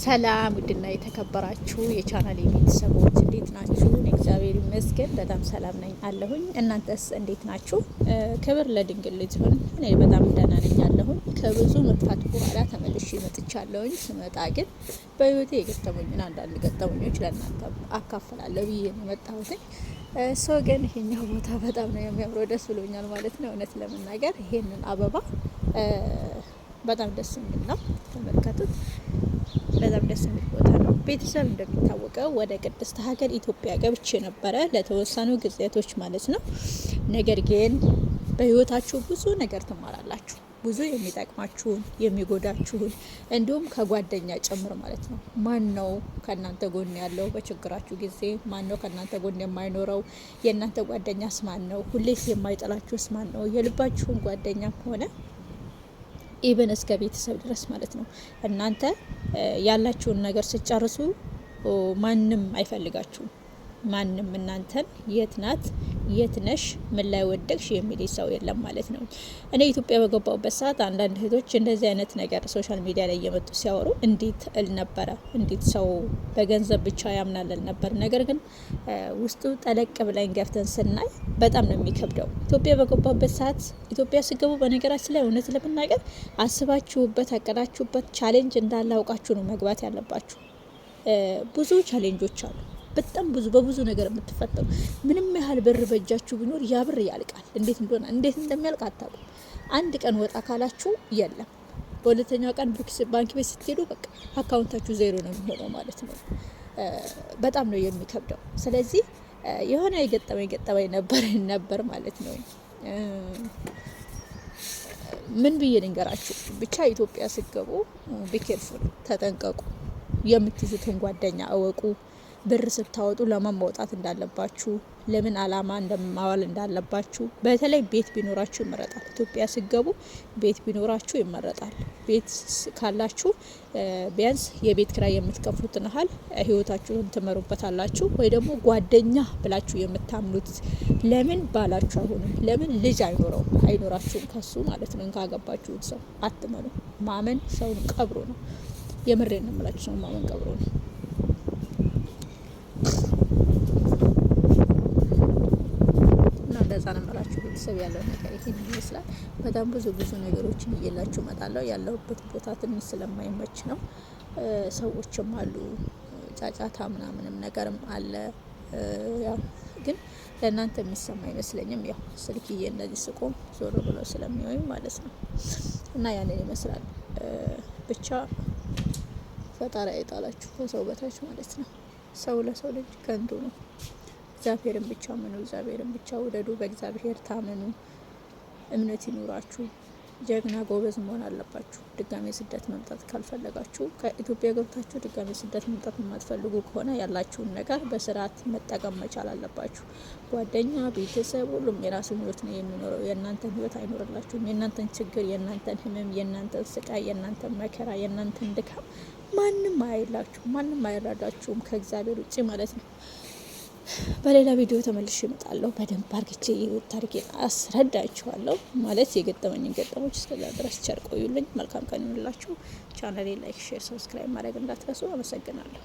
ሰላም ውድና የተከበራችሁ የቻናል የቤተሰቦች እንዴት ናችሁ? እግዚአብሔር ይመስገን በጣም ሰላም ነኝ አለሁኝ። እናንተስ እንዴት ናችሁ? ክብር ለድንግል ልጅ ይሁን። እኔ በጣም ደህና ነኝ አለሁኝ። ከብዙ መጥፋት በኋላ ተመልሼ መጥቻለሁኝ። ስመጣ ግን በህይወቴ የገጠሙኝን አንዳንድ ገጠሙኞች ለእናንተ አካፍላለሁ ብዬ ነው የመጣሁትኝ። ሶ ግን ይሄኛው ቦታ በጣም ነው የሚያምረው፣ ደስ ብሎኛል ማለት ነው። እውነት ለመናገር ይሄንን አበባ በጣም ደስ የሚል ነው። ተመልከቱት በጣም ደስ የሚል ቦታ ነው። ቤተሰብ እንደሚታወቀው ወደ ቅድስት ሀገር ኢትዮጵያ ገብቼ ነበረ ለተወሰኑ ጊዜያቶች ማለት ነው። ነገር ግን በህይወታችሁ ብዙ ነገር ትማራላችሁ። ብዙ የሚጠቅማችሁን የሚጎዳችሁን፣ እንዲሁም ከጓደኛ ጭምር ማለት ነው። ማን ነው ከእናንተ ጎን ያለው በችግራችሁ ጊዜ? ማን ነው ከእናንተ ጎን የማይኖረው? የእናንተ ጓደኛስ ማን ነው? ሁሌ የማይጠላችሁስ ማን ነው? የልባችሁን ጓደኛም ሆነ ኢቨን እስከ ቤተሰብ ድረስ ማለት ነው። እናንተ ያላችሁን ነገር ስጨርሱ ማንም አይፈልጋችሁም። ማንም እናንተን የት ናት የት ነሽ፣ ምን ላይ ወደቅሽ የሚል ሰው የለም ማለት ነው። እኔ ኢትዮጵያ በገባሁበት ሰዓት አንዳንድ እህቶች እንደዚህ አይነት ነገር ሶሻል ሚዲያ ላይ እየመጡ ሲያወሩ እንዴት እል ነበረ። እንዴት ሰው በገንዘብ ብቻ ያምናል እል ነበር። ነገር ግን ውስጡ ጠለቅ ብለን ገብተን ስናይ በጣም ነው የሚከብደው። ኢትዮጵያ በገባሁበት ሰዓት ኢትዮጵያ ስገቡ፣ በነገራችን ላይ እውነት ለመናገር አስባችሁበት፣ አቀዳችሁበት ቻሌንጅ እንዳለ አውቃችሁ ነው መግባት ያለባችሁ። ብዙ ቻሌንጆች አሉ በጣም ብዙ በብዙ ነገር የምትፈጠሩ ምንም ያህል ብር በእጃችሁ ቢኖር ያ ብር ያልቃል። እንዴት እንደሆነ እንዴት እንደሚያልቅ አታውቁም። አንድ ቀን ወጣ ካላችሁ የለም በሁለተኛው ቀን ባንክ ቤት ስትሄዱ በቃ አካውንታችሁ ዜሮ ነው የሚሆነው ማለት ነው። በጣም ነው የሚከብደው። ስለዚህ የሆነ የገጠመኝ ገጠመኝ ነበር ነበር ማለት ነው። ምን ብዬ ልንገራችሁ? ብቻ ኢትዮጵያ ስገቡ ቢኬርፉል፣ ተጠንቀቁ። የምትይዙትን ጓደኛ እወቁ። ብር ስታወጡ ለማን ማውጣት እንዳለባችሁ ለምን አላማ እንደማዋል እንዳለባችሁ በተለይ ቤት ቢኖራችሁ ይመረጣል። ኢትዮጵያ ሲገቡ ቤት ቢኖራችሁ ይመረጣል። ቤት ካላችሁ ቢያንስ የቤት ክራይ የምትከፍሉትን ያህል ህይወታችሁን ትመሩበት አላችሁ። ወይ ደግሞ ጓደኛ ብላችሁ የምታምኑት ለምን ባላችሁ አይሆንም? ለምን ልጅ አይኖረው አይኖራችሁም? ከሱ ማለት ነው። ካገባችሁት ሰው አትመኑ። ማመን ሰውን ቀብሮ ነው። የምሬን ነው የምላችሁ። ሰው ማመን ቀብሮ ነው። እንደዛ ነው የምላችሁ። ቤተሰብ ያለው ነገር ይሄን ይመስላል። በጣም ብዙ ብዙ ነገሮችን እየላችሁ መጣለሁ ያለሁበት ቦታ ትንሽ ስለማይመች ነው። ሰዎችም አሉ፣ ጫጫታ ምናምንም ነገርም አለ። ያው ግን ለእናንተ የሚሰማ አይመስለኝም። ያው ስልክዬ እንደዚህ ስቆም ዞር ብለው ስለሚወይም ማለት ነው እና ያንን ይመስላል ብቻ ፈጣሪ አይጣላችሁ ከሰው በታች ማለት ነው። ሰው ለሰው ልጅ ከንቱ ነው። እግዚአብሔርን ብቻ ምኑ፣ እግዚአብሔርን ብቻ ውደዱ፣ በእግዚአብሔር ታመኑ፣ እምነት ይኑራችሁ። ጀግና ጎበዝ መሆን አለባችሁ። ድጋሜ ስደት መምጣት ካልፈለጋችሁ ከኢትዮጵያ ገብታችሁ ድጋሜ ስደት መምጣት የማትፈልጉ ከሆነ ያላችሁን ነገር በስርዓት መጠቀም መቻል አለባችሁ። ጓደኛ፣ ቤተሰብ፣ ሁሉም የራሱ ህይወት ነው የሚኖረው። የእናንተን ህይወት አይኖርላችሁም። የእናንተን ችግር፣ የእናንተን ህመም፣ የእናንተን ስቃይ፣ የእናንተን መከራ፣ የእናንተን ድካም ማንም አይላችሁ፣ ማንም አይረዳችሁም ከእግዚአብሔር ውጭ ማለት ነው። በሌላ ቪዲዮ ተመልሼ እመጣለሁ። በደንብ አርግቼ የህይወት ታሪኬን አስረዳችኋለሁ። ማለት የገጠመኝን ገጠሞች። እስከዛ ድረስ ቸር ቆዩልኝ። መልካም ቀን ይሁንላችሁ። ቻናሌ ላይክ፣ ሼር፣ ሰብስክራይብ ማድረግ እንዳትረሱ። አመሰግናለሁ።